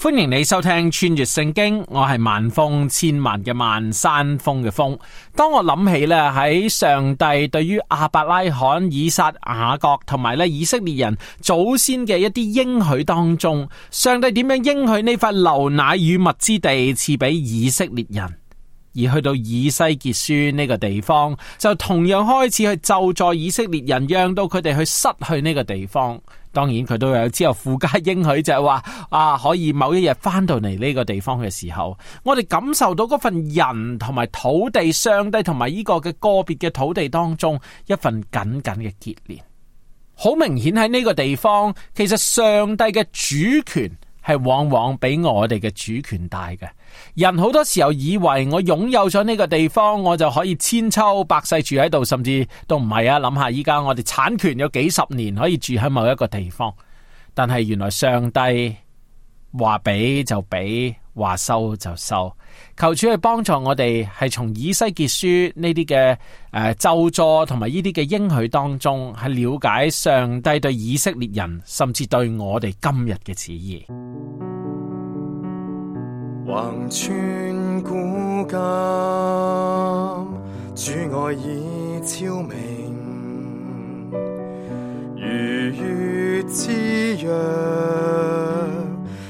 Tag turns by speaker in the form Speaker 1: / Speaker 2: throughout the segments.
Speaker 1: 歡迎你收聽穿越聖經，我係萬峰千萬嘅萬山峰嘅峰。當我諗起咧喺上帝對於亞伯拉罕、以撒、雅各同埋咧以色列人祖先嘅一啲應許當中，上帝點樣應許呢塊流奶與蜜之地賜俾以色列人？而去到以西結書呢個地方，就同樣開始去就助以色列人讓到佢哋去失去呢個地方。當然佢都有之後附加應許，就係話啊，可以某一日翻到嚟呢個地方嘅時候，我哋感受到嗰份人同埋土地，上帝同埋呢個嘅個別嘅土地當中一份緊緊嘅結連。好明顯喺呢個地方，其實上帝嘅主權。係往往比我哋嘅主權大嘅，人好多時候以為我擁有咗呢個地方，我就可以千秋百世住喺度，甚至都唔係啊！諗下依家我哋產權有幾十年可以住喺某一個地方，但係原來上帝話俾就俾。話收就收，求主去幫助我哋，係從以西結書呢啲嘅誒咒詛同埋呢啲嘅應許當中，係了解上帝對以色列人，甚至對我哋今日嘅旨意。
Speaker 2: 橫穿古今，主愛已超明，如月之陽。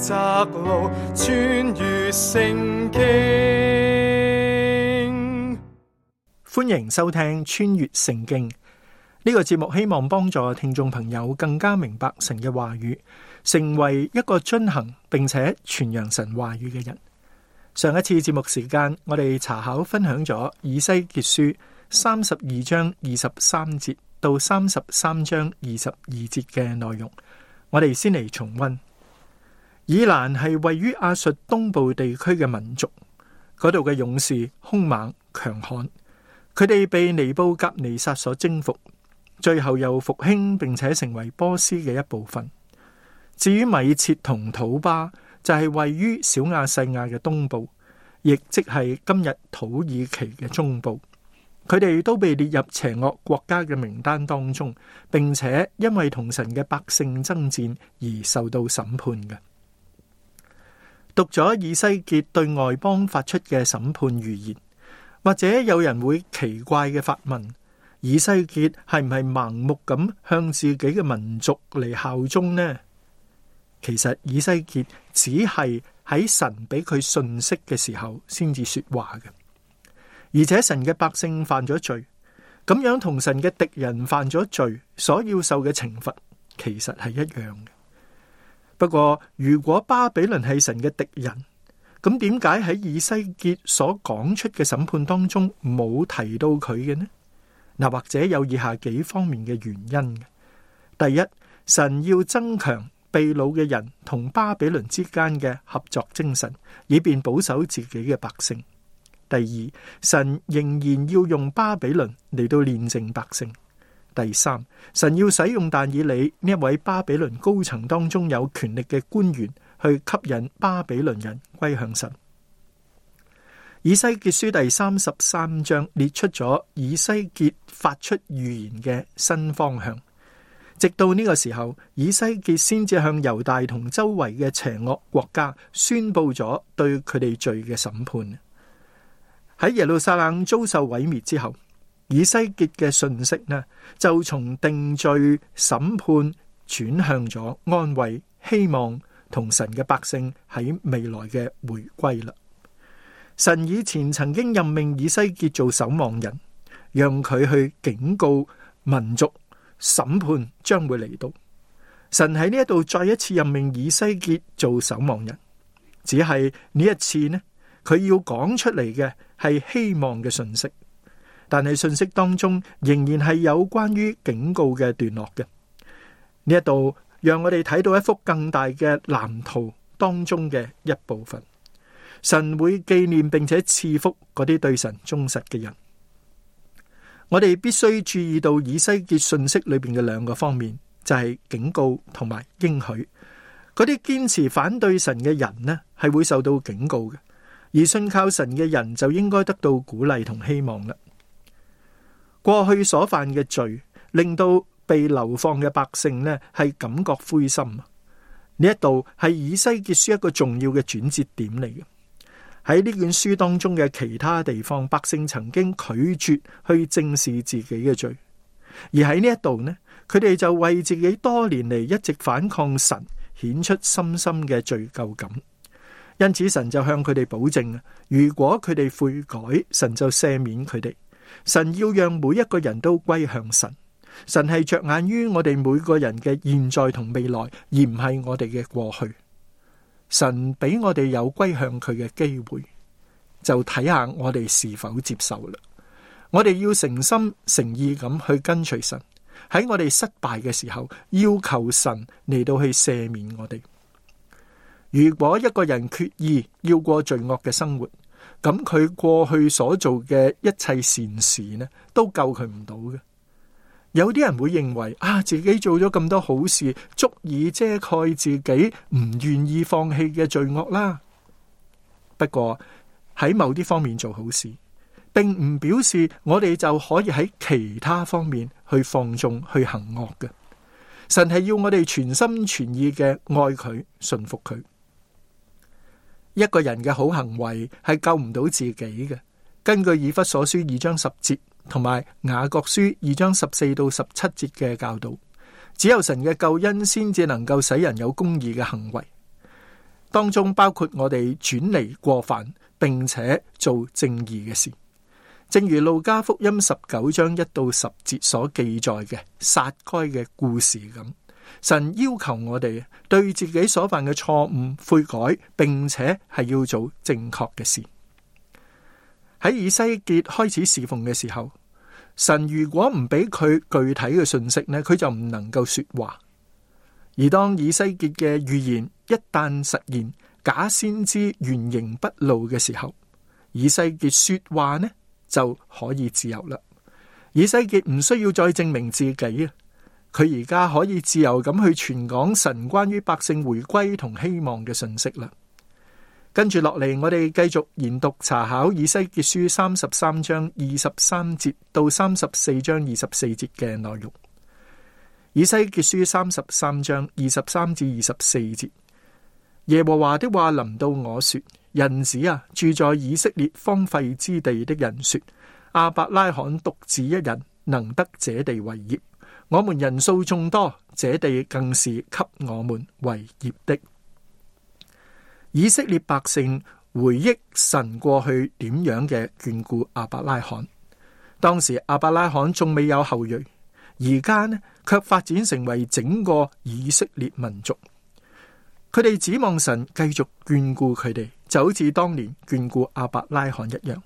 Speaker 2: 窄路穿越聖經，歡迎收聽《穿越聖經》呢個節目，希望幫助聽眾朋友更加明白神嘅話語，成為一個遵行並且傳揚神話語嘅人。上一次節目時間，我哋查考分享咗以西結書三十二章二十三節到三十三章二十二節嘅內容，我哋先嚟重溫。以蘭係位於亞述東部地區嘅民族，嗰度嘅勇士凶猛強悍。佢哋被尼布甲尼撒所征服，最後又復興，並且成為波斯嘅一部分。至於米切同土巴就係位於小亞細亞嘅東部，亦即係今日土耳其嘅中部。佢哋都被列入邪惡國家嘅名單當中，並且因為同神嘅百姓爭戰而受到審判嘅。讀咗以西結對外邦發出嘅審判預言，或者有人會奇怪嘅發問：以西結係唔係盲目咁向自己嘅民族嚟效忠呢？其實以西結只係喺神俾佢信息嘅時候先至說話嘅，而且神嘅百姓犯咗罪，咁樣同神嘅敵人犯咗罪所要受嘅懲罰其實係一樣嘅。不過，如果巴比倫係神嘅敵人，咁點解喺以西結所講出嘅審判當中冇提到佢嘅呢？嗱，或者有以下幾方面嘅原因：第一，神要增強被擄嘅人同巴比倫之間嘅合作精神，以便保守自己嘅百姓；第二，神仍然要用巴比倫嚟到練政百姓。第三，神要使用但以理呢一位巴比倫高層當中有權力嘅官員，去吸引巴比倫人歸向神。以西結書第三十三章列出咗以西結發出預言嘅新方向。直到呢個時候，以西結先至向猶大同周圍嘅邪惡國家宣布咗對佢哋罪嘅審判。喺耶路撒冷遭受毀滅之後，以西結嘅信息呢，就從定罪審判轉向咗安慰、希望同神嘅百姓喺未來嘅回歸啦。神以前曾經任命以西結做守望人，讓佢去警告民族，審判將會嚟到。神喺呢一度再一次任命以西結做守望人，只係呢一次呢，佢要講出嚟嘅係希望嘅信息。但係信息，當中仍然係有關於警告嘅段落嘅。呢一度讓我哋睇到一幅更大嘅藍圖當中嘅一部分。神會紀念並且賜福嗰啲對神忠實嘅人。我哋必須注意到以西結嘅信息裏邊嘅兩個方面，就係、是、警告同埋應許。嗰啲堅持反對神嘅人呢係會受到警告嘅，而信靠神嘅人就應該得到鼓勵同希望啦。過去所犯嘅罪，令到被流放嘅百姓呢係感覺灰心。呢一度係以西結書一個重要嘅轉折點嚟嘅。喺呢卷書當中嘅其他地方，百姓曾經拒絕去正視自己嘅罪，而喺呢一度呢，佢哋就為自己多年嚟一直反抗神，顯出深深嘅罪疚感。因此，神就向佢哋保證，如果佢哋悔改，神就赦免佢哋。神要讓每一個人都歸向神，神係着眼於我哋每個人嘅現在同未來，而唔係我哋嘅過去。神俾我哋有歸向佢嘅機會，就睇下我哋是否接受啦。我哋要誠心誠意咁去跟隨神。喺我哋失敗嘅時候，要求神嚟到去赦免我哋。如果一個人決意要過罪惡嘅生活，咁佢過去所做嘅一切善事呢，都救佢唔到嘅。有啲人會認為啊，自己做咗咁多好事，足以遮蓋自己唔願意放棄嘅罪惡啦。不過喺某啲方面做好事，並唔表示我哋就可以喺其他方面去放縱去行惡嘅。神係要我哋全心全意嘅愛佢，順服佢。一個人嘅好行為係救唔到自己嘅。根據以弗所書二章十節同埋雅各書二章十四到十七節嘅教導，只有神嘅救恩先至能夠使人有公義嘅行為。當中包括我哋轉離過犯，並且做正義嘅事。正如路加福音十九章一到十節所記載嘅撒該嘅故事咁。神要求我哋對自己所犯嘅錯誤悔改，並且係要做正確嘅事。喺以西結開始侍奉嘅時候，神如果唔俾佢具體嘅信息呢，佢就唔能夠說話。而當以西結嘅預言一旦實現，假先知原形畢露嘅時候，以西結說話呢就可以自由啦。以西結唔需要再證明自己啊。佢而家可以自由咁去傳講神關於百姓回歸同希望嘅信息啦。跟住落嚟，我哋繼續研讀查考以西結書三十三章二十三節到三十四章二十四節嘅內容。以西結書三十三章二十三至二十四節，耶和華的話臨到我說：人子啊，住在以色列荒廢之地的人說，亞伯拉罕獨自一人能得這地為業。我們人數眾多，這地更是給我們為業的。以色列百姓回憶神過去點樣嘅眷顧阿伯拉罕，當時阿伯拉罕仲未有後裔，而家呢卻發展成為整個以色列民族。佢哋指望神繼續眷顧佢哋，就好似當年眷顧阿伯拉罕一樣。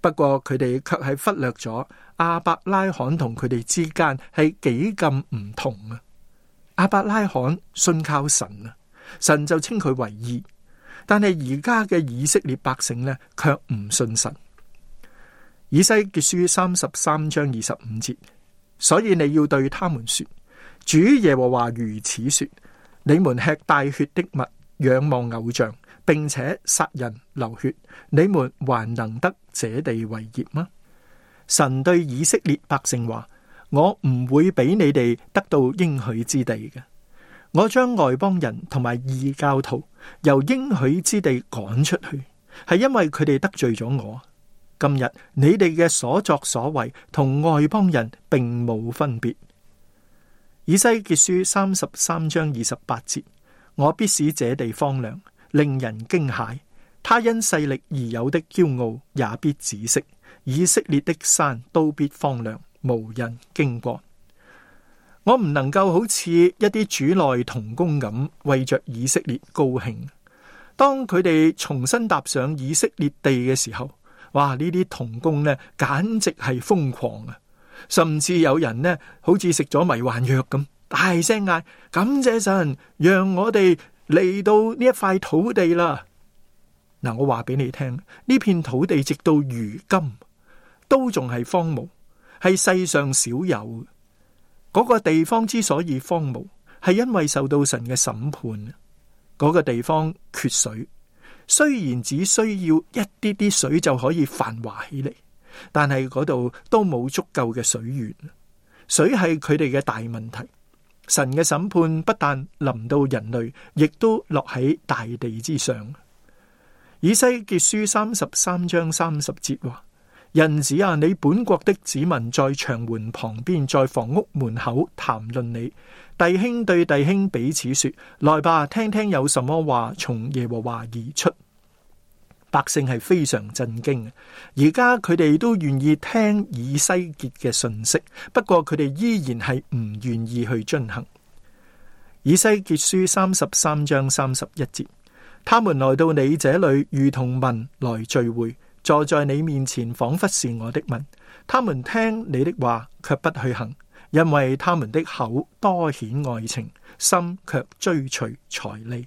Speaker 2: 不過佢哋卻係忽略咗亞伯拉罕同佢哋之間係幾咁唔同啊！亞伯拉罕信靠神啊，神就稱佢為義。但係而家嘅以色列百姓咧，卻唔信神。以西結書三十三章二十五節，所以你要對他們說：主耶和華如此說，你們吃帶血的物，仰望偶像。並且殺人流血，你們還能得這地為業嗎？神對以色列百姓話：我唔會俾你哋得到應許之地嘅。我將外邦人同埋異教徒由應許之地趕出去，係因為佢哋得罪咗我。今日你哋嘅所作所為同外邦人並冇分別。以西結書三十三章二十八節：我必使這地荒涼。令人驚駭，他因勢力而有的驕傲也必止息。以色列的山都必荒涼，無人經過。我唔能夠好似一啲主內同工咁為着以色列高興。當佢哋重新踏上以色列地嘅時候，哇！呢啲同工呢，簡直係瘋狂啊！甚至有人呢，好似食咗迷幻藥咁大聲嗌：感謝神，讓我哋嚟到呢一塊土地啦，嗱，我話俾你聽，呢片土地直到如今都仲係荒蕪，係世上少有。嗰、那個地方之所以荒蕪，係因為受到神嘅審判。嗰、那個地方缺水，雖然只需要一啲啲水就可以繁華起嚟，但係嗰度都冇足夠嘅水源，水係佢哋嘅大問題。神嘅審判不但臨到人類，亦都落喺大地之上。以西結書三十三章三十節話：人子啊，你本國的子民在牆門旁邊，在房屋門口談論你，弟兄對弟兄彼此說：來吧，聽聽有什麼話從耶和華而出。百姓係非常震驚，而家佢哋都願意聽以西結嘅訊息，不過佢哋依然係唔願意去進行。以西結書三十三章三十一節：他們來到你這裏，如同民來聚會，坐在你面前，仿佛是我的民。他們聽你的話，卻不去行，因為他們的口多顯愛情，心卻追隨財利。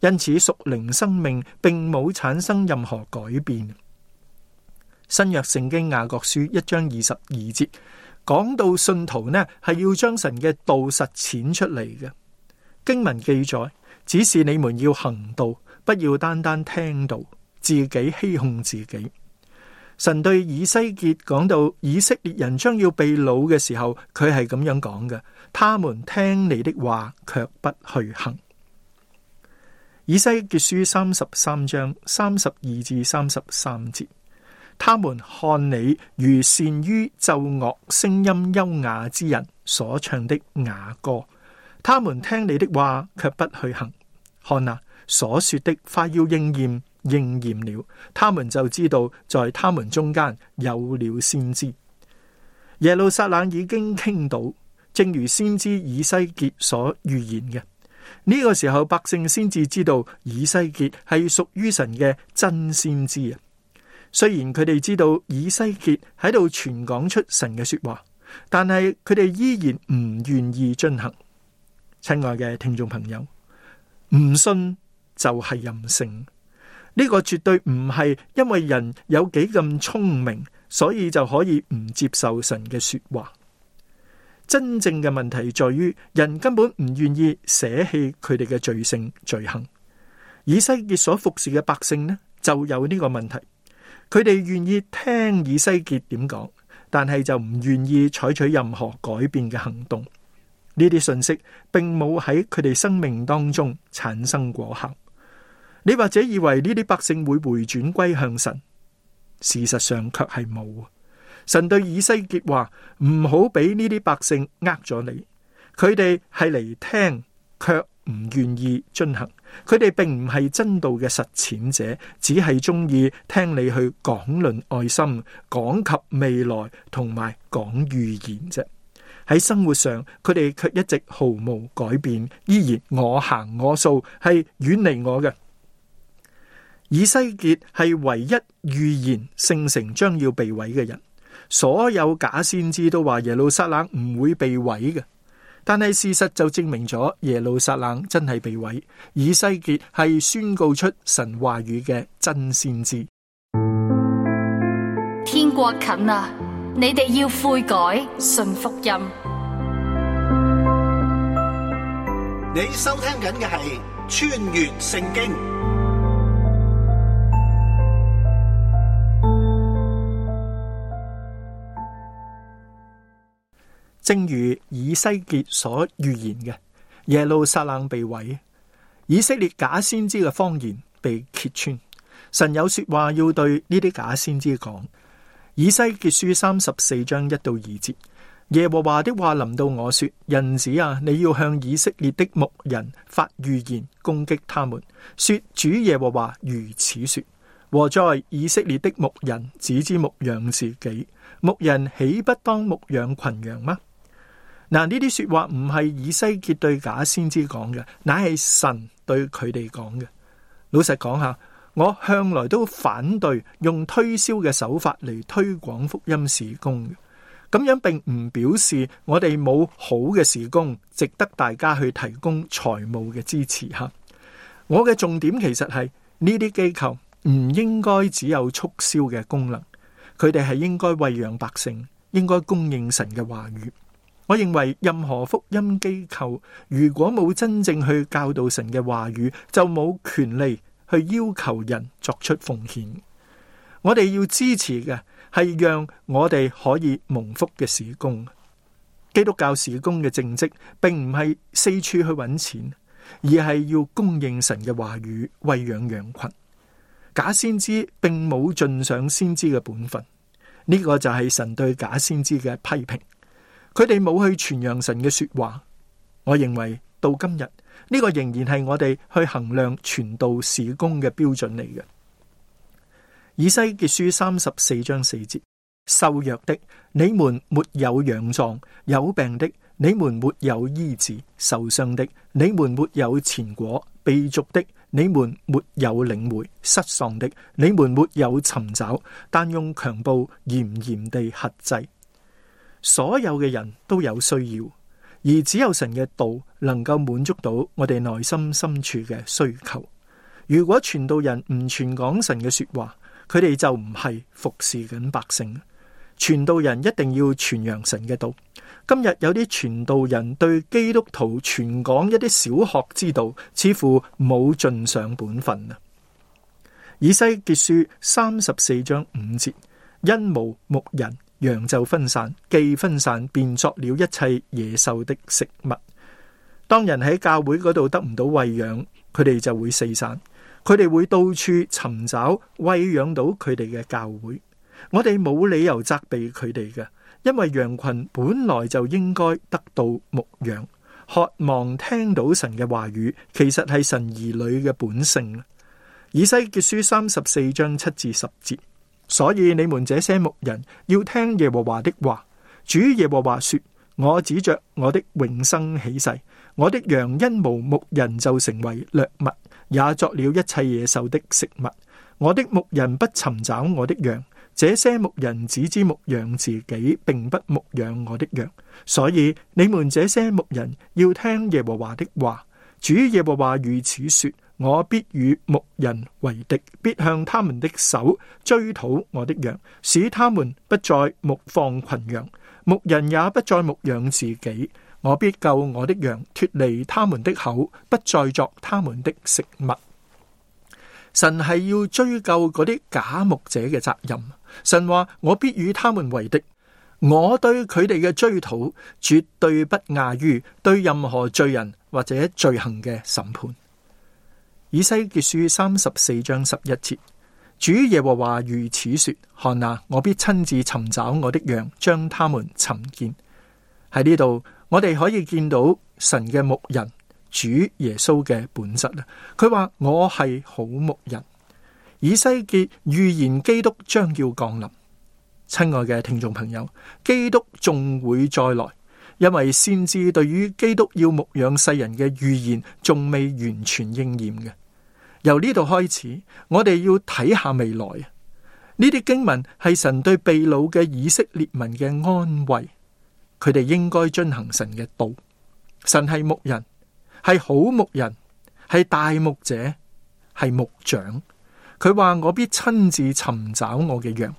Speaker 2: 因此，屬靈生命並冇產生任何改變。新約聖經雅各書一章二十二節講到信徒呢係要將神嘅道實踐出嚟嘅。經文記載，只是你們要行道，不要單單聽道，自己欺哄自己。神對以西結講到以色列人將要被擄嘅時候，佢係咁樣講嘅：他們聽你的話，卻不去行。以西結書三十三章三十二至三十三節，他們看你如善於奏樂、聲音優雅之人所唱的雅歌，他們聽你的話卻不去行。看啊，所說的快要應驗，應驗了，他們就知道在他們中間有了先知。耶路撒冷已經傾倒，正如先知以西結所預言嘅。呢個時候，百姓先至知道以西結係屬於神嘅真先知啊。雖然佢哋知道以西結喺度傳講出神嘅說話，但係佢哋依然唔願意進行。親愛嘅聽眾朋友，唔信就係任性。呢個絕對唔係因為人有幾咁聰明，所以就可以唔接受神嘅說話。真正嘅問題在於，人根本唔願意捨棄佢哋嘅罪性罪行。以西結所服侍嘅百姓呢，就有呢個問題。佢哋願意聽以西結點講，但係就唔願意採取任何改變嘅行動。呢啲信息並冇喺佢哋生命當中產生果效。你或者以為呢啲百姓會回轉歸向神，事實上卻係冇。神對以西結話：唔好俾呢啲百姓呃咗你，佢哋係嚟聽卻唔願意進行。佢哋並唔係真道嘅實踐者，只係中意聽你去講論愛心、講及未來同埋講預言啫。喺生活上，佢哋卻一直毫無改變，依然我行我素，係遠離我嘅。以西結係唯一預言聖城將要被毀嘅人。所有假先知都話耶路撒冷唔會被毀嘅，但係事實就證明咗耶路撒冷真係被毀。以西結係宣告出神話語嘅真先知。
Speaker 1: 天國近呀，你哋要悔改，信福音。
Speaker 2: 你收聽緊嘅係穿越聖經。正如以西結所預言嘅，耶路撒冷被毀，以色列假先知嘅謊言被揭穿。神有說話要對呢啲假先知講。以西結書三十四章一到二節，耶和華的話臨到我說：人子啊，你要向以色列的牧人發預言，攻擊他們，說主耶和華如此說：和在以色列的牧人只知牧養自己，牧人豈不當牧養群羊嗎？嗱，呢啲說話唔係以西結對假先知講嘅，乃係神對佢哋講嘅。老實講下，我向來都反對用推銷嘅手法嚟推廣福音時工，咁樣並唔表示我哋冇好嘅時工值得大家去提供財務嘅支持。吓，我嘅重點其實係呢啲機構唔應該只有促銷嘅功能，佢哋係應該餵養百姓，應該供應神嘅話語。我認為任何福音機構如果冇真正去教導神嘅話語，就冇權利去要求人作出奉獻。我哋要支持嘅係讓我哋可以蒙福嘅事工。基督教事工嘅正職，並唔係四處去揾錢，而係要供應神嘅話語，餵養羊群。假先知並冇盡上先知嘅本分，呢、這個就係神對假先知嘅批評。佢哋冇去傳揚神嘅說話，我認為到今日呢、這個仍然係我哋去衡量傳道事工嘅標準嚟嘅。以西結書三十四章四節：瘦弱的你們沒有養壯，有病的你們沒有醫治，受傷的你們沒有纏裹，被逐的你們沒有領回，失喪的你們沒有尋找，但用強暴嚴嚴地轄制。所有嘅人都有需要，而只有神嘅道能夠滿足到我哋內心深處嘅需求。如果傳道人唔傳講神嘅說話，佢哋就唔係服侍緊百姓。傳道人一定要傳揚神嘅道。今日有啲傳道人對基督徒傳講一啲小學之道，似乎冇盡上本分啊。以西結書三十四章五節，因無牧人。羊就分散，既分散便作了一切野獸的食物。當人喺教會嗰度得唔到餵養，佢哋就會四散，佢哋會到處尋找餵養到佢哋嘅教會。我哋冇理由責備佢哋嘅，因為羊群本來就應該得到牧養，渴望聽到神嘅話語，其實係神兒女嘅本性。以西結書三十四章七至十節。所以你們這些牧人要聽耶和華的話。主耶和華說：我指着我的永生起誓，我的羊因無牧人就成為掠物，也作了一切野獸的食物。我的牧人不尋找我的羊，這些牧人只知牧養自己，並不牧養我的羊。所以你們這些牧人要聽耶和華的話。主耶和華如此說。我必與牧人為敵，必向他們的手追討我的羊，使他們不再牧放群羊，牧人也不再牧養自己。我必救我的羊脫離他們的口，不再作他們的食物。神係要追究嗰啲假牧者嘅責任。神話我必與他們為敵，我對佢哋嘅追討絕對不亞於對任何罪人或者罪行嘅審判。以西結書三十四章十一節，主耶和華如此說：看哪，我必親自尋找我的羊，將他們尋見。喺呢度，我哋可以見到神嘅牧人主耶穌嘅本質啦。佢話我係好牧人。以西結預言基督將要降臨。親愛嘅聽眾朋友，基督仲會再來，因為先知對於基督要牧養世人嘅預言仲未完全應驗嘅。由呢度開始，我哋要睇下未來。呢啲經文係神對被擄嘅以色列民嘅安慰，佢哋應該遵行神嘅道。神係牧人，係好牧人，係大牧者，係牧長。佢話我必親自尋找我嘅羊。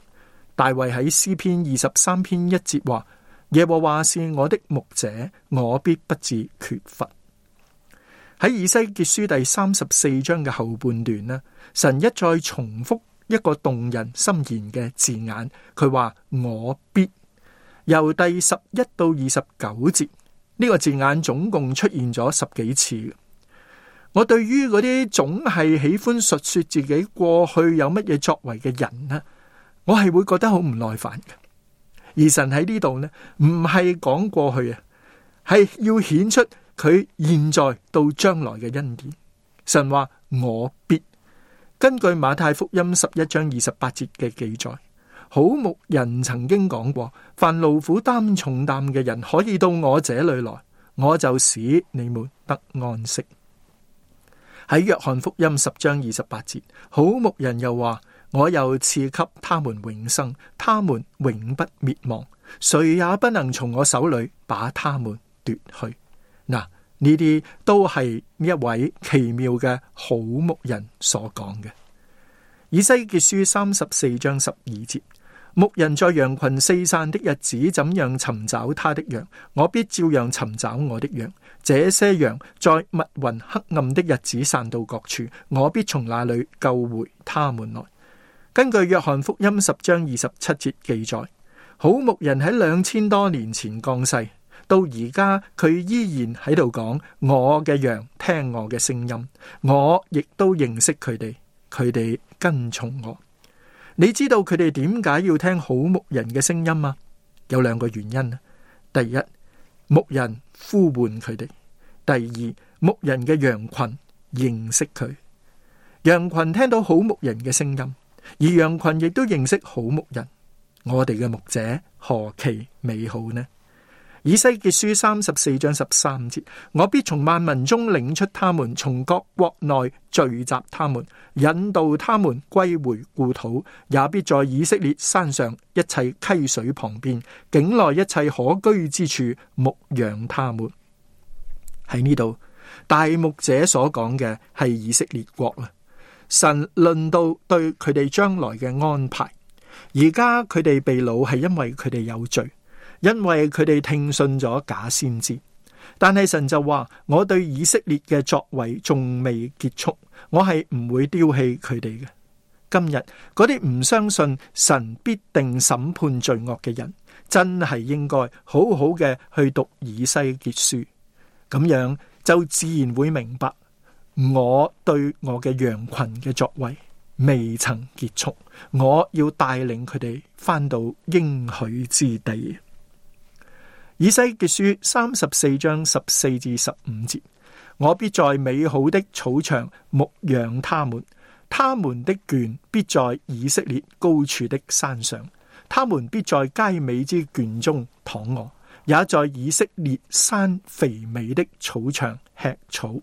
Speaker 2: 大衛喺詩篇二十三篇一節話：耶和華是我的牧者，我必不致缺乏。喺以西結書第三十四章嘅後半段咧，神一再重複一個動人心弦嘅字眼，佢話我必，由第十一到二十九節呢個字眼總共出現咗十幾次。我對於嗰啲總係喜歡述說自己過去有乜嘢作為嘅人咧，我係會覺得好唔耐煩嘅。而神喺呢度呢，唔係講過去啊，係要顯出。佢現在到將來嘅恩典，神話我必。根據馬太福音十一章二十八節嘅記載，好牧人曾經講過：凡勞苦擔重擔嘅人，可以到我這裏來，我就使你們得安息。喺約翰福音十章二十八節，好牧人又話：我又賜給他們永生，他們永不滅亡，誰也不能從我手裏把他們奪去。.嗱，呢啲都係一位奇妙嘅好牧人所講嘅。以西結書三十四章十二節，牧人在羊群四散的日子，怎樣尋找他的羊？我必照樣尋找我的羊。這些羊在密雲黑暗的日子散到各處，我必從那裏救回他們來。根據約翰福音十章二十七節記載，好牧人喺兩千多年前降世。到而家佢依然喺度講，我嘅羊聽我嘅聲音，我亦都認識佢哋，佢哋跟從我。你知道佢哋點解要聽好牧人嘅聲音嗎？有兩個原因，第一，牧人呼喚佢哋；第二，牧人嘅羊群認識佢。羊群聽到好牧人嘅聲音，而羊群亦都認識好牧人。我哋嘅牧者何其美好呢？以西結書三十四章十三節：我必從萬民中領出他們，從各國內聚集他們，引導他們歸回故土，也必在以色列山上、一切溪水旁邊、境內一切可居之處牧養他們。喺呢度，大牧者所講嘅係以色列國啦。神論到對佢哋將來嘅安排，而家佢哋被擄係因為佢哋有罪。因為佢哋聽信咗假先知，但係神就話：我對以色列嘅作為仲未結束，我係唔會丟棄佢哋嘅。今日嗰啲唔相信神必定審判罪惡嘅人，真係應該好好嘅去讀以西結書，咁樣就自然會明白我對我嘅羊群嘅作為未曾結束，我要帶領佢哋翻到應許之地。以西結書三十四章十四至十五節，我必在美好的草場牧養他們，他們的圈必在以色列高處的山上，他們必在佳美之圈中躺臥，也在以色列山肥美的草場吃草。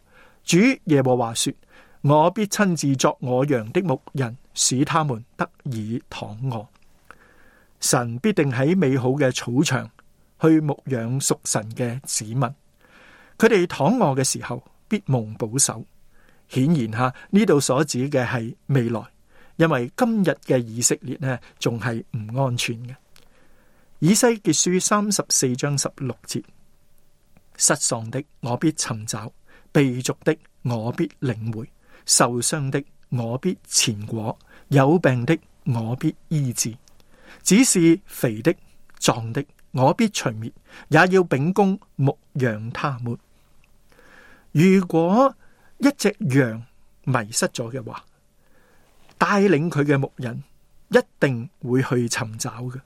Speaker 2: 主耶和華說：我必親自作我羊的牧人，使他們得以躺臥。神必定喺美好嘅草場。去牧養屬神嘅子民，佢哋躺臥嘅時候必蒙保守。顯然吓呢度所指嘅係未來，因為今日嘅以色列呢仲係唔安全嘅。以西結書三十四章十六節：失喪的我必尋找，被逐的我必領回，受傷的我必纏裹，有病的我必醫治。只是肥的、壯的。我必除滅，也要秉公牧養他們。如果一隻羊迷失咗嘅話，帶領佢嘅牧人一定會去尋找嘅。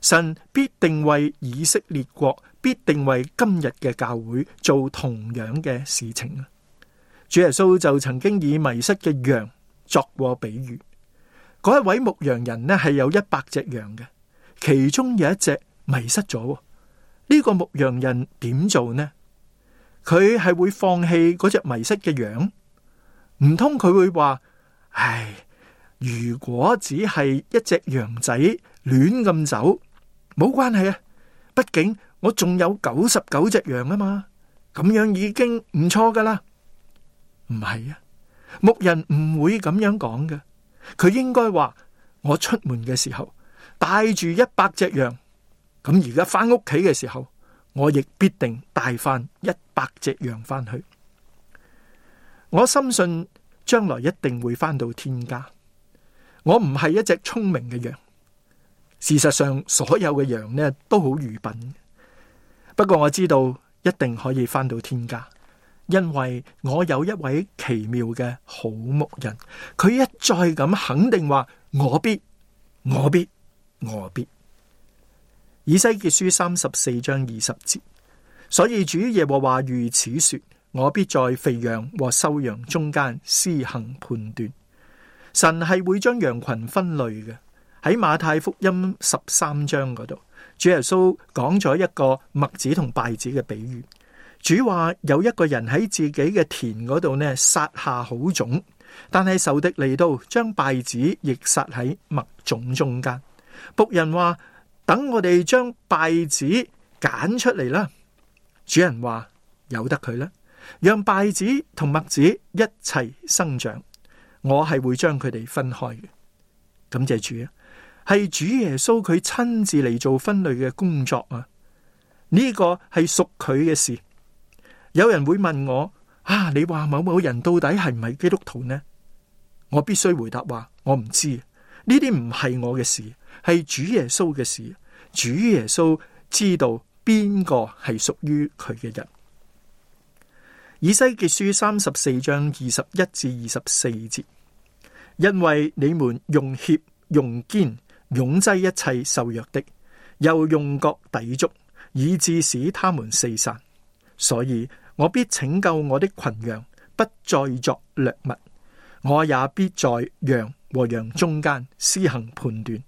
Speaker 2: 神必定為以色列國，必定為今日嘅教會做同樣嘅事情。主耶穌就曾經以迷失嘅羊作過比喻。嗰一位牧羊人呢係有一百隻羊嘅，其中有一隻。迷失咗呢、呢個牧羊人點做呢？佢係會放棄嗰隻迷失嘅羊？唔通佢會話，唉，如果只係一隻羊仔亂咁走，冇關係啊。畢竟我仲有九十九隻羊啊嘛，咁樣已經唔錯噶啦。唔係啊，牧人唔會咁樣講嘅。佢應該話，我出門嘅時候帶住一百隻羊。咁而家翻屋企嘅時候，我亦必定帶翻一百隻羊翻去。我深信將來一定會翻到天家。我唔係一隻聰明嘅羊，事實上所有嘅羊呢都好愚笨。不過我知道一定可以翻到天家，因為我有一位奇妙嘅好牧人，佢一再咁肯定話：我必，我必，我必。我必以西結書三十四章二十節，所以主耶和華如此說：我必在肥羊和瘦羊中間施行判斷。神係會將羊群分類嘅。喺馬太福音十三章嗰度,主耶穌講咗一個麥子同稗子嘅比喻。主話有一個人喺自己嘅田嗰度呢，撒下好種，但係受敵嚟到將稗子亦撒喺麥種中間。僕人話。等我哋將稗子揀出嚟啦，主人話由得佢啦，讓稗子同麥子一齊生長，我係會將佢哋分開嘅。感謝主啊，係主耶穌佢親自嚟做分類嘅工作啊，呢個係屬佢嘅事。有人會問我啊，你話某某人到底係唔係基督徒呢？我必須回答話，我唔知，呢啲唔係我嘅事。係主耶穌嘅事，主耶穌知道邊個係屬於佢嘅人。以西結書三十四章二十一至二十四節，因為你們用脅用肩擁擠一切瘦弱的，又用角抵觸，以致使他們四散。所以我必拯救我的群羊，不再作掠物。我也必在羊和羊中間施行判斷。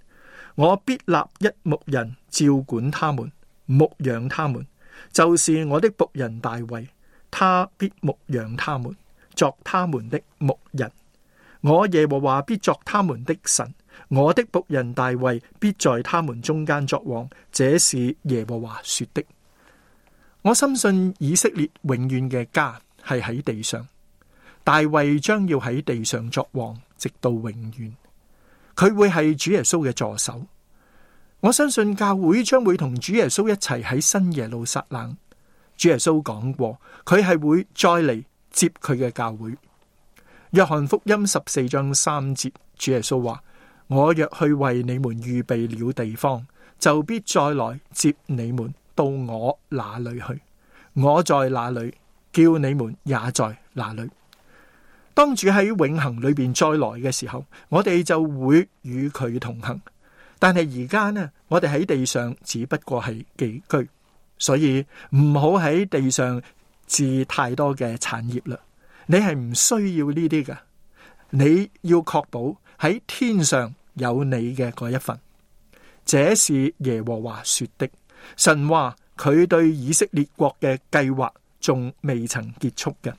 Speaker 2: 我必立一牧人照管他們，牧養他們，就是我的僕人大衛，他必牧養他們，作他們的牧人。我耶和華必作他們的神，我的僕人大衛必在他們中間作王。這是耶和華說的。我深信以色列永遠嘅家係喺地上，大衛將要喺地上作王，直到永遠。佢會係主耶穌嘅助手，我相信教會將會同主耶穌一齊喺新耶路撒冷。主耶穌講過，佢係會再嚟接佢嘅教會。約翰福音十四章三節，主耶穌話：我若去為你們預備了地方，就必再來接你們到我那裏去。我在那裏，叫你們也在那裏。當主喺永恒裏邊再來嘅時候，我哋就會與佢同行。但係而家呢，我哋喺地上只不過係寄居，所以唔好喺地上置太多嘅產業啦。你係唔需要呢啲㗎，你要確保喺天上有你嘅嗰一份。這是耶和華說的，神話佢對以色列國嘅計劃仲未曾結束嘅。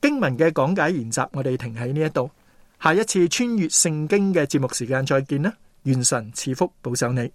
Speaker 2: 經文嘅講解研習，我哋停喺呢一度。下一次穿越聖經嘅節目時間，再見啦！願神賜福保守你。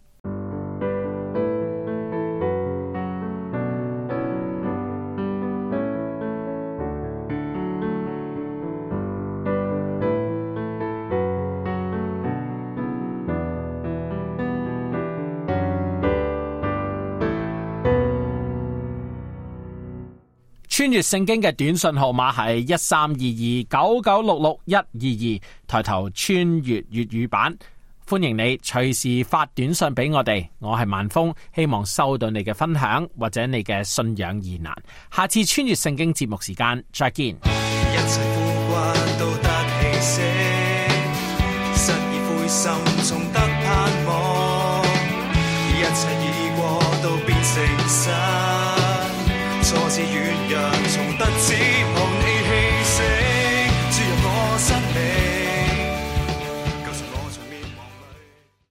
Speaker 1: 穿越聖經嘅短信號碼係一三二二九九六六一二二，抬頭穿越粵語版，歡迎你隨時發短信俾我哋，我係萬峰，希望收到你嘅分享或者你嘅信仰疑難，下次穿越聖經節目時間再見。一
Speaker 2: 切